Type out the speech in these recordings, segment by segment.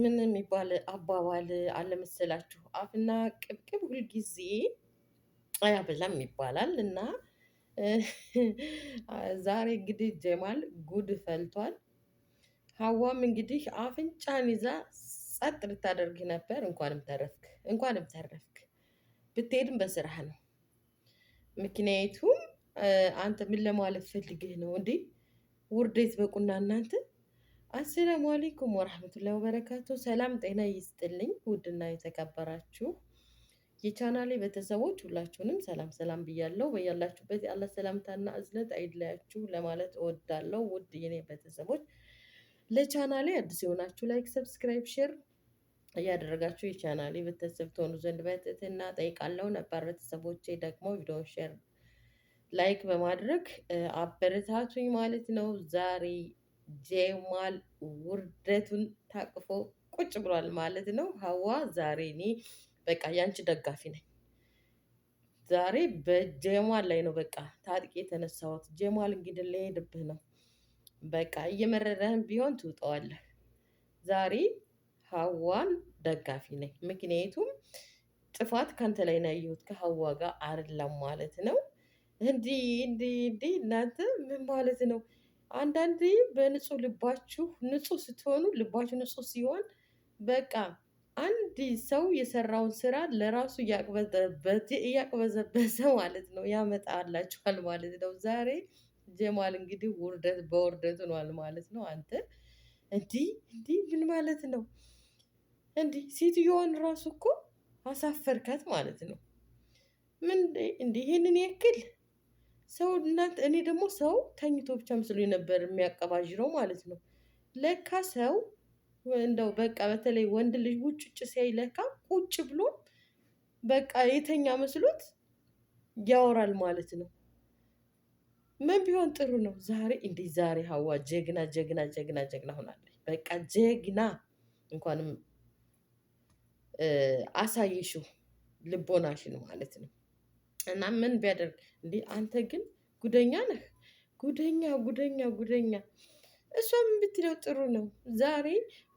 ምን የሚባል አባባል አለመሰላችሁ? አፍና ቅብቅብ ሁልጊዜ አያበላም ይባላል እና ዛሬ እንግዲህ ጀማል ጉድ ፈልቷል። ሀዋም እንግዲህ አፍንጫን ይዛ ጸጥ ልታደርግ ነበር። እንኳንም ተረፍክ፣ እንኳንም ተረፍክ። ብትሄድም በስራህ ነው። ምክንያቱም አንተ ምን ለማለት ፈልግህ ነው እንዴ? ውርዴት በቁና እናንተ አሰላሙ አሌይኩም ወራህመቱላሂ ወበረካቱ። ሰላም ጤና ይስጥልኝ። ውድና የተከበራችሁ የቻናሌ ቤተሰቦች ሁላችሁንም ሰላም ሰላም ብያለሁ። በያላችሁበት የአላህ ሰላምታና እዝነት አይለያችሁ ለማለት እወዳለሁ። ውድ የኔ ቤተሰቦች ለቻናሌ አዲስ የሆናችሁ ላይክ፣ ሰብስክራይብ፣ ሼር እያደረጋችሁ የቻናሌ ቤተሰብ ትሆኑ ዘንድ በትህትና ጠይቃለሁ። ነባር ቤተሰቦቼ ደግሞ ቪዲዮን ሼር ላይክ በማድረግ አበረታቱኝ ማለት ነው ዛሬ ጀማል ውርደቱን ታቅፎ ቁጭ ብሏል ማለት ነው። ሀዋ ዛሬ እኔ በቃ ያንቺ ደጋፊ ነኝ። ዛሬ በጀማል ላይ ነው በቃ ታጥቂ የተነሳሁት። ጀማል እንግዲህ ሊሄድብህ ነው። በቃ እየመረረህን ቢሆን ትውጠዋለህ። ዛሬ ሀዋን ደጋፊ ነኝ። ምክንያቱም ጥፋት ከአንተ ላይ ነው ያየሁት፣ ከሀዋ ጋር አይደለም ማለት ነው። እንዲህ እንዲህ እንዲህ እናንተ ምን ማለት ነው? አንዳንዴ በንጹህ ልባችሁ ንጹህ ስትሆኑ ልባችሁ ንጹህ ሲሆን በቃ አንድ ሰው የሰራውን ስራ ለራሱ እያቅበዘበዘ ማለት ነው ያመጣላችኋል ማለት ነው። ዛሬ ጀማል እንግዲህ ውርደት በውርደት ሆኗል ማለት ነው። አንተ እንዲህ እንዲህ ምን ማለት ነው? እንዲህ ሴትዮዋን ራሱ እኮ አሳፈርካት ማለት ነው። ምን እንዲህ ይህንን ያክል ሰው እናንተ እኔ ደግሞ ሰው ተኝቶ ብቻ ምስሉ ነበር የሚያቀባዥረው ማለት ነው። ለካ ሰው እንደው በቃ በተለይ ወንድ ልጅ ውጭ ውጭ ሲያይ ለካ ቁጭ ብሎ በቃ የተኛ መስሎት ያወራል ማለት ነው። ምን ቢሆን ጥሩ ነው ዛሬ እንዲ ዛሬ ሀዋ ጀግና ጀግና ጀግና ጀግና ሆናለች። በቃ ጀግና እንኳንም አሳየሽው ልቦናሽን ማለት ነው። እና ምን ቢያደርግ እንዴ? አንተ ግን ጉደኛ ነህ፣ ጉደኛ ጉደኛ ጉደኛ። እሷም ብትለው ጥሩ ነው። ዛሬ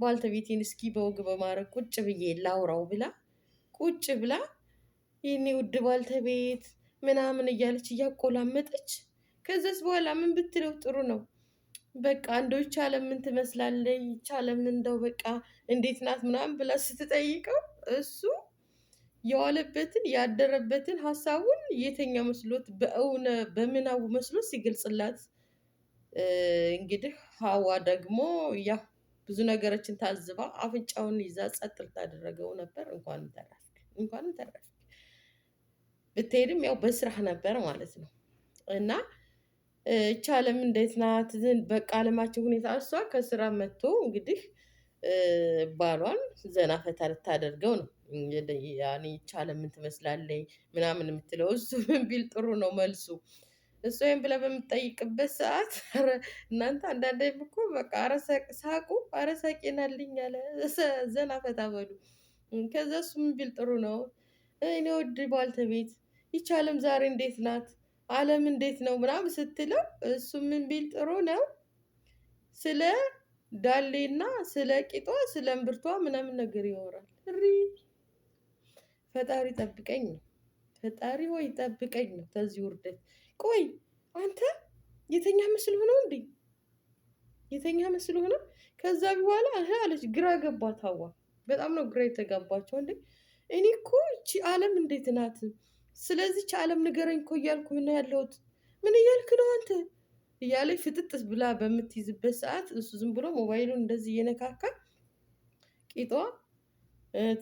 ባልተቤቴን እስኪ በወግ በማድረግ ቁጭ ብዬ ላውራው ብላ ቁጭ ብላ የኔ ውድ ባልተቤት ምናምን እያለች እያቆላመጠች ከዛስ በኋላ ምን ብትለው ጥሩ ነው። በቃ እንደው ይቻለም ምን ትመስላለች? ይቻለም እንደው በቃ እንዴት ናት ምናምን ብላ ስትጠይቀው እሱ የዋለበትን ያደረበትን ሀሳቡን የተኛ መስሎት በእውነ በምናቡ መስሎ ሲገልጽላት፣ እንግዲህ ሀዋ ደግሞ ያ ብዙ ነገሮችን ታዝባ አፍንጫውን ይዛ ጸጥ ልታደረገው ነበር። እንኳን ተረፍክ፣ እንኳን ተረፍክ። ብትሄድም ያው በስራህ ነበር ማለት ነው እና እቺ ዓለም እንዴት ናት? በቃ ዓለማችን ሁኔታ እሷ ከስራ መጥቶ እንግዲህ ባሏን ዘና ፈታ ልታደርገው ነው። ያኔ ይቻለ ምን ትመስላለኝ ምናምን የምትለው እሱ ምን ቢል ጥሩ ነው መልሱ። እሱ ወይም ብለህ በምጠይቅበት ሰዓት እናንተ አንዳንዴም እኮ በቃ ሳቁ አረሳቄናልኝ አለ ዘና ፈታ በሉ። ከዛ እሱ ምን ቢል ጥሩ ነው? እኔ ወድ ባልተቤት ይቻለም ዛሬ እንዴት ናት? አለም እንዴት ነው ምናምን ስትለው እሱ ምን ቢል ጥሩ ነው? ስለ ዳሌና ስለ ቂጧ ስለ እምብርቷ ምናምን ነገር ያወራል። ሪ ፈጣሪ ጠብቀኝ ነው። ፈጣሪ ወይ ጠብቀኝ ነው ከዚህ ውርደት። ቆይ አንተ የተኛ ምስል ሆነው እንዴ? የተኛ ምስል ሆነ። ከዛ በኋላ አለች። ግራ ገባት ሀዋ። በጣም ነው ግራ የተጋባቸው። እንዴ እኔ እኮ እቺ ዓለም እንዴት ናት? ስለዚች ዓለም ንገረኝ እኮ እያልኩ ነው ያለሁት። ምን እያልክ ነው አንተ እያለች ፍጥጥ ብላ በምትይዝበት ሰዓት እሱ ዝም ብሎ ሞባይሉን እንደዚህ እየነካካ ቂጧ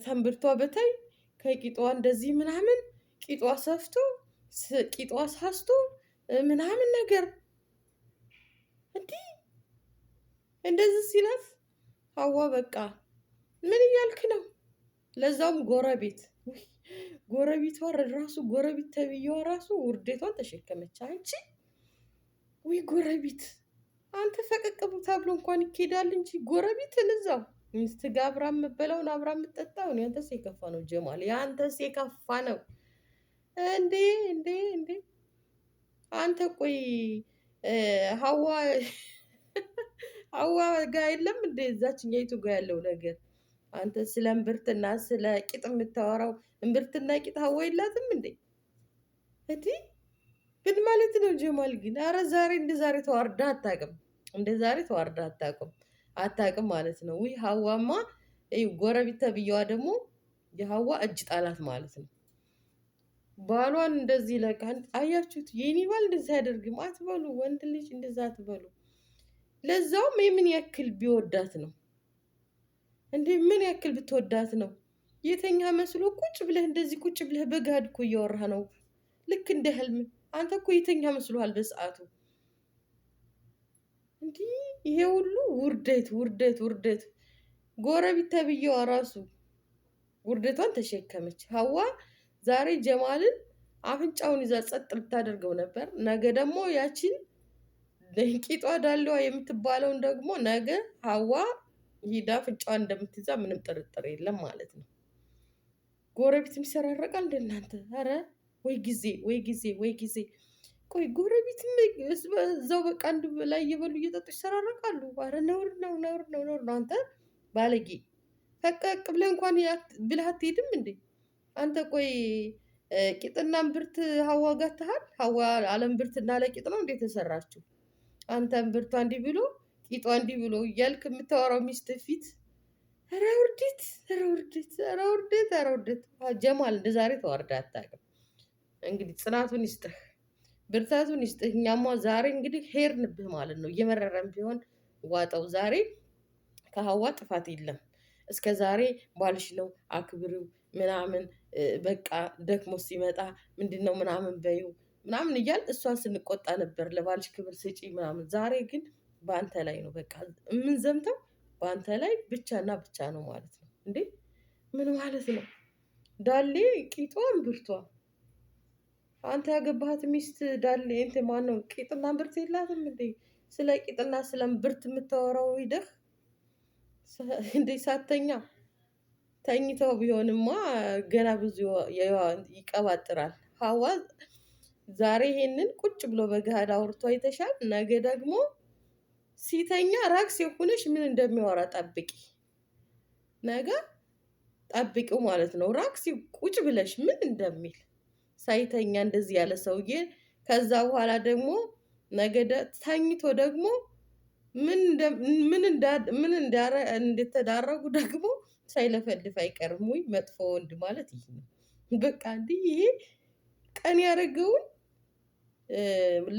ተንብርቷ በታይ ከቂጧ እንደዚህ ምናምን ቂጧ ሰፍቶ ቂጧ ሳስቶ ምናምን ነገር እንዲህ እንደዚህ ሲለፍ ሀዋ በቃ ምን እያልክ ነው? ለዛውም ጎረቤት ጎረቤቷ ራሱ ጎረቤት ተብዬዋ ራሱ ውርዴቷን ተሸከመች። አንቺ ወይ ጎረቤት አንተ ፈቀቅቡ ተብሎ እንኳን ይኬዳል እንጂ ጎረቤት እዛው ስጋ አብራ የምበላውን አብራ የምጠጣው እኔ አንተስ የከፋ ነው ጀማል፣ ያንተስ የከፋ ነው እንዴ! እንዴ! እንዴ! አንተ ቆይ ሀዋ ሀዋ ጋ የለም እንዴ? እዛችኛ ይቱ ጋ ያለው ነገር አንተ ስለ እምብርትና ስለ ቂጥ የምታወራው እምብርትና ቂጥ ሀዋ የላትም እንዴ? እቲ ምን ማለት ነው ጀማል ግን? አረ ዛሬ እንደ ዛሬ ተዋርዳ አታውቅም። እንደ ዛሬ ተዋርዳ አታውቅም። አታውቅም ማለት ነው። ውይ ሀዋማ ጎረቤት ተብዬዋ ደግሞ የሀዋ እጅ ጣላት ማለት ነው። ባሏን እንደዚህ ይለቃል። አያችሁት? የኔ ባል እንደዚህ አያደርግም አትበሉ። ወንድ ልጅ እንደዛ አትበሉ። ለዛውም የምን ያክል ቢወዳት ነው እንዴ? ምን ያክል ብትወዳት ነው? የተኛ መስሎ ቁጭ ብለህ እንደዚህ ቁጭ ብለህ በጋድ እኮ እያወራህ ነው። ልክ እንደ ህልም። አንተ እኮ የተኛ መስሎሃል በሰዓቱ። እንዲህ ይሄ ሁሉ ውርደት ውርደት ውርደት። ጎረቤት ተብዬዋ ራሱ ውርደቷን ተሸከመች። ሀዋ ዛሬ ጀማልን አፍንጫውን ይዛ ጸጥ ብታደርገው ነበር። ነገ ደግሞ ያችን ደንቂጧ ዳሌዋ የምትባለውን ደግሞ ነገ ሀዋ ሂዳ አፍንጫዋን እንደምትይዛ ምንም ጥርጥር የለም ማለት ነው። ጎረቤት የሚሰራረቃል እንደናንተ። ኧረ ወይ ጊዜ ወይ ጊዜ ወይ ጊዜ ቆይ ጎረቤት እዛው በቃ አንድ ላይ እየበሉ እየጠጡ ይሰራረቃሉ። ኧረ ነውር ነው ነውር ነው ነውር ነው። አንተ ባለጌ ፈቀቅ ብለህ እንኳን ብለህ አትሄድም እንዴ አንተ? ቆይ ቂጥናን ብርት ሀዋ ጋትሃል። ሀዋ አለም ብርት እና ለቂጥ ነው እንዴት ተሰራችሁ? አንተን ብርቷ እንዲህ ብሎ ቂጧ እንዲህ ብሎ እያልክ የምታወራው ሚስት ፊት ኧረ ውርደት፣ ኧረ ውርደት፣ ኧረ ውርደት፣ ኧረ ውርደት። ጀማል እንደ ዛሬ ተዋርዳ አታውቅም። እንግዲህ ጽናቱን ይስጥህ። ብርታቱን ይስጥህ። እኛማ ዛሬ እንግዲህ ሄድንብህ ማለት ነው። እየመረረም ቢሆን ዋጠው። ዛሬ ከሀዋ ጥፋት የለም። እስከ ዛሬ ባልሽ ነው አክብሪው ምናምን በቃ ደክሞ ሲመጣ ምንድን ነው ምናምን በይው ምናምን እያል እሷን ስንቆጣ ነበር። ለባልሽ ክብር ስጪ ምናምን። ዛሬ ግን በአንተ ላይ ነው በቃ የምንዘምተው በአንተ ላይ ብቻና ብቻ ነው ማለት ነው። እንዴ ምን ማለት ነው? ዳሌ ቂጧን ብርቷ አንተ ያገባሃት ሚስት ዳሌ ማን ማነው ቂጥና ብርት የላትም እንዴ? ስለ ቂጥና ስለ ብርት የምታወራው ሂደህ እንዴ ሳተኛ ተኝተው ቢሆንማ ገና ብዙ ይቀባጥራል። ሀዋ ዛሬ ይሄንን ቁጭ ብሎ በገሃድ አውርቶ አይተሻል። ነገ ደግሞ ሲተኛ ራክስ የሆነሽ ምን እንደሚያወራ ጠብቂ፣ ነገ ጠብቂው ማለት ነው። ራክስ ቁጭ ብለሽ ምን እንደሚል ሳይተኛ እንደዚህ ያለ ሰውዬ ከዛ በኋላ ደግሞ ነገደ ተኝቶ ደግሞ ምን እንደተዳረጉ ደግሞ ሳይለፈልፍ አይቀርም። ወይ መጥፎ ወንድ ማለት ይህ ነው። በቃ እንዲ ይሄ ቀን ያደረገውን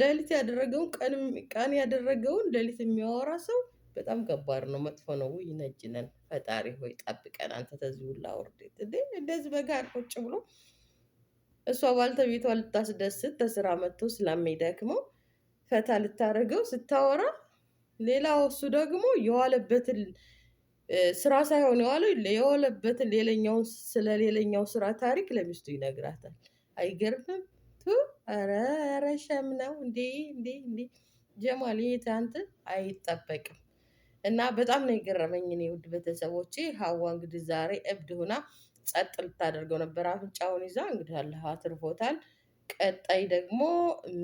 ሌሊት ያደረገውን ቀን ያደረገውን ሌሊት የሚያወራ ሰው በጣም ከባድ ነው፣ መጥፎ ነው። ውይ ነጅነን ፈጣሪ ሆይ ጠብቀን፣ አንተ ተዚህ ሁላ ውርድ እንደዚህ በጋር ቁጭ ብሎ እሷ ባልተቤቷ ልታስደስት ተስራ መጥቶ ስለሚደክመው ፈታ ልታደርገው ስታወራ፣ ሌላው እሱ ደግሞ የዋለበትን ስራ ሳይሆን የዋለው የዋለበትን ሌላኛውን ስለ ስራ ታሪክ ለሚስቱ ይነግራታል። አይገርምም? ቱ ኧረ ሸም ነው እንዴ እንዴ እንዴ ጀማል፣ ይሄ አይጠበቅም። እና በጣም ነው የገረመኝ እኔ ውድ ቤተሰቦቼ ሀዋ እንግዲህ ዛሬ እብድ ሆና ጸጥ ልታደርገው ነበር። አፍንጫውን ይዛ እንግዲህ አላህ አትርፎታል። ቀጣይ ደግሞ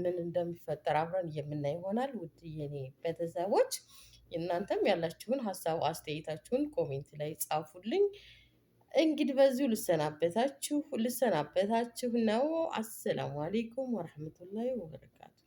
ምን እንደሚፈጠር አብረን የምናይ ይሆናል። ውድ የኔ ቤተሰቦች እናንተም ያላችሁን ሀሳብ አስተያየታችሁን ኮሜንት ላይ ጻፉልኝ። እንግዲህ በዚሁ ልሰናበታችሁ ልሰናበታችሁ ነው። አሰላሙ አሌይኩም ወረህመቱላሂ ወበረካቱ